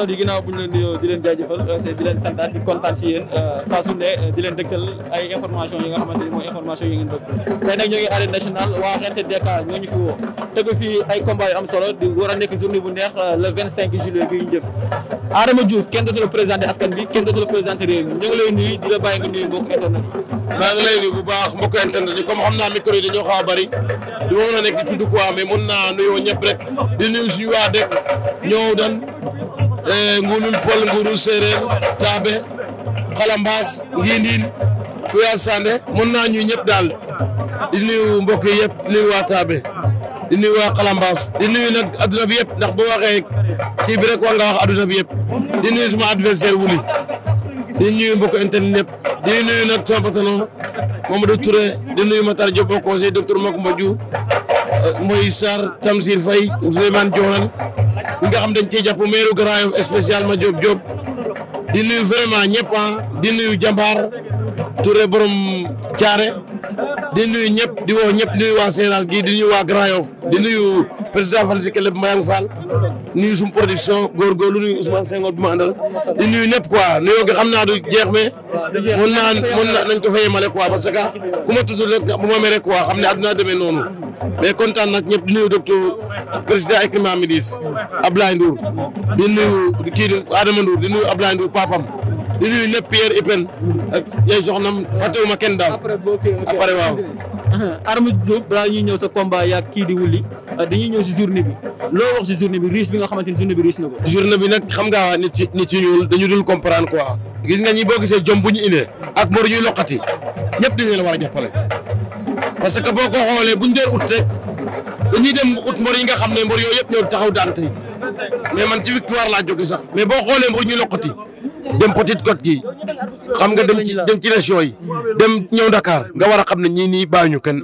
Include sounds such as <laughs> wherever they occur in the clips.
internet yi ginnaaw bu ñu leen nuyoo di leen jaajëfal euh, te di leen santaat di kontaan si yéen euh, saa su euh, di leen dëkkal ay information yi nga xamante mooy information yi ngeen bëgg tey nag fi woo teg fii ay combat yu am solo di war a nekk journée bu neex le 25 bi ñu Adama Diouf kenn dootu la présenté askan bi kenn dootu la présenté réew mi ngi lay nuyu di la bàyyi nga nuyu mbokk internet yi maa ngi lay nuyu bu baax mbokk internet yi comme xam naa micro a a Eh, ngulul pol nguru séeréer taabe xalambaas ngindin fuya sande mën naa ñu ñëpp daal di nuyu mbokk yëpp di waa taabe di nuyu waa xalambaas di nuyu nag adduna bi yëpp ndax boo waxee kii rek war nga wax adduna bi yëpp di nuyu suma adversaire wuli di nuyu mbokk internet yëpp di nuyu nag sama patron Mamadou Touré di nuyu Matar Diop au conseil docteur Makumba Diouf euh, mooy Sarr Tamsir Faye Souleymane Dional ñi nga xam dañ ciy jàpp meeru Grand Yoff spécial ma Diop Diop di nuyu vraiment ñëpp ah, di nuyu jàmbaar Touré borom Thiaré di nuyu ñëpp di woo ñëpp di nuyu waa Sénégal di nuyu waa Grand Yoff di nuyu président Fall si club Mbayang Fall nuyu suñu production góorgóorlu nuyu Ousmane Senghor bu ma di nuyu ñëpp quoi nuyoo gi xam naa du jeex mais mën naa mën ko fa yemale quoi parce que ku ma tudd rek bu ma mere quoi xam ne àdduna demee noonu mais kontaan nag ñëpp di nuyu docteur président équipement Médis Ablaye Ndour di nuyu kii Adama Ndour di nuyu Ablaye Ndour papam di nuyu ñëpp Pierre Ipen ak yay soxnam fàttewuma kenn daal. après boo après waaw. <laughs> Armé Diouf balaa ñuy ñëw sa combat yaa kii di wuli euh, dañuy ñëw si journée bi loo wax si journée bi riche bi nga xamante ni journée bi riche na ko. journée bi nag xam nga nit ci nit ci ñuul dañu dul comprendre quoi. gis nga ñi boo gisee jom bu ñu indee ak mor ñuy loqati ñëpp dañu la war a jàppale parce que boo ko xoolee buñ dee utte dañuy dem ut mbor yi nga xam ne mbor yooyu yëpp ñoo taxaw daan tey mais man ci victoire laa jóge sax mais boo xoolee mbor ñuy loqati dem Petite Côte gi xam nga dem ci dem ci région yi dem ñëw Dakar nga war a xam ne ñii nii kenn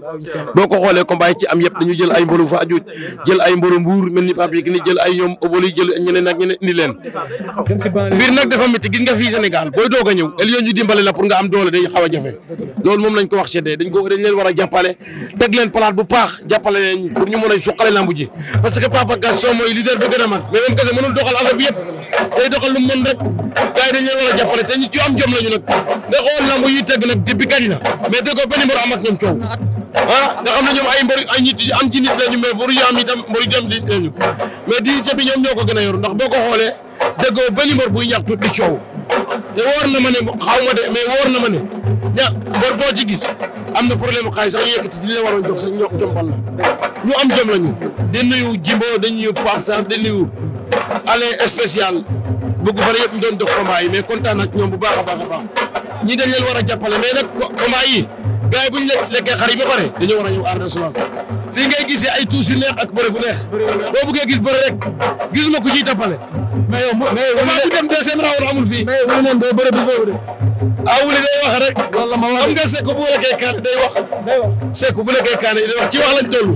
boo ko xoolee combat yi ci am yëpp dañu jël ay mboru Fadiouth jël jël ay ñoom oboli jël ñeneen ak ñeneen indi leen mbir nag dafa gis nga fii Sénégal booy doog a ñëw ëllëg ñu dimbale la pour nga am doole day xaw a jafe loolu moom lañ ko wax sedde dañ ko dañ leen war a jàppale palaat bu paax jàppale leen pour ñu mën a suqale lambu parce que Papa Gaston mooy a day doxal lu mën rek gars yi dañ leen war a jàppale te ñu ci am jom lañu nag nga xool lamb yi tëgg nag depuis kañ la mais déggoo ah, di lañu mais bi ñoom ñoo ko gën a yor ndax boo ko xoolee déggoo benn mbër buy ñàkk tuuti coow te wóor na ma ne xaw de mais wóor na ma ne ña mbër boo ci gis am na problème xaalis sax ñu yëkkati ci li la waroon jox sax ñoom jombal la ñu am jom lañu di nuyu Jimbo di nuyu Pape di nuyu aller spécial bëgg fa yëpp doon def combat yi mais kontaan ak ñoom bu baax a baax a baax ñii dañ leen war a jàppale mais nag combat yi gars yi bu ñu lekkee xar yi ba pare dañoo war a ñëw Arène Nationale ay tuus yu neex ak bëre bu neex boo buggee gis bëre rek gisuma ku ciy jàppale. mais yow mais combat bu dem deuxième round amul fii. mais wuli neen day bëre day wax rek. ma wax xam nga Seck bu day wax. day wax Seck bu lekkee kaane wax ci wax lañ toll.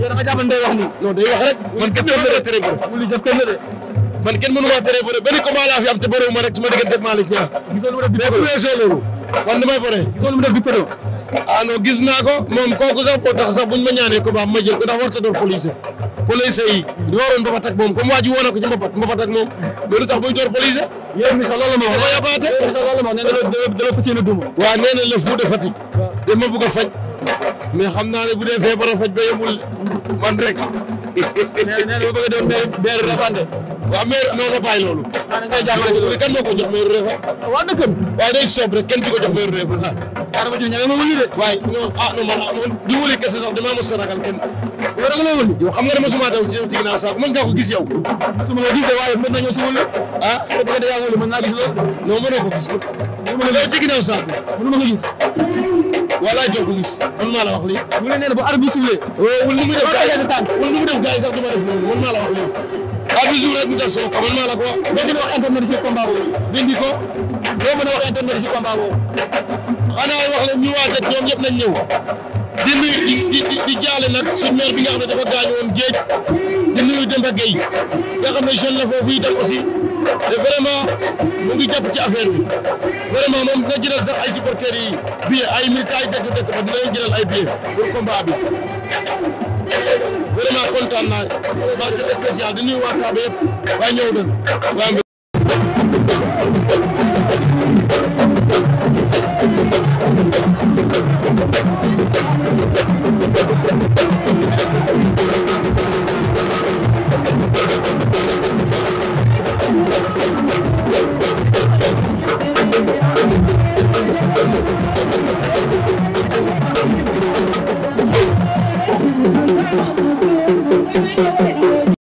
ne day wax nii. man kenn mënu maa teree bëre benn combat laa fi am te bërewu ma ma diggante ak Malick Niang. mu def bi pédo weesoo loolu gis naa ko moom kooku sax boo tax sax buñ ma ñaanee combat ma jël ko ndax warta door police police yi di waroon moom comme waa ji ko ci mbapat moom loolu tax buñ door police yow misa loolu ma wax yabaate misa loolu ma nee na da la fas yéene duma waaw nee na faj mais xam naa ne bu dee feebar a faj ba yemul man rek nee na ba bëgg a doon maire Refane waaw maire non non bàyyi loolu. waaw da ngay jàppale si loolu kan moo ko jox maire Refane. waaw dëkkam. waaye day soob rek kenn du ko jox maire Refane ah. waaw ah, dama ma wëli de. waaye non ah non man di wëli kese sax damaa mos a ragal kenn. yow da nga ma wëli. yow xam nga ne mosuma daw ci yow ci ginnaaw saako mos ngaa ko gis yow. su ma la gis de waaye mën nañoo su wëli. ah su ma la wëli mën naa gis loolu. non mënoo ko gis ko. mënoo ko gis ci ginnaaw saako mënuma ko gis. walaay jokkul gis la wax lii. mu ne nee na bu arbitre bi sifflé. Oh, def gars yi sa tànk wala nu def gars sax du def loolu man maa la wax def sama a wax internet si di jaale nag suñu maire bi nga xam ne dafa gaañu woon géej di nuyu xam ne jeune te vraiment mu ngi jàpp ci affaire bi vraiment moom dina jëlal sax ay supporters yi billet ay militants ay dëkk-dëkk ba dina leen jëlal ay billet pour combat bi vraiment kontaan naa maa ngi spécial di nuyu waa Tamba yëpp waa ñëw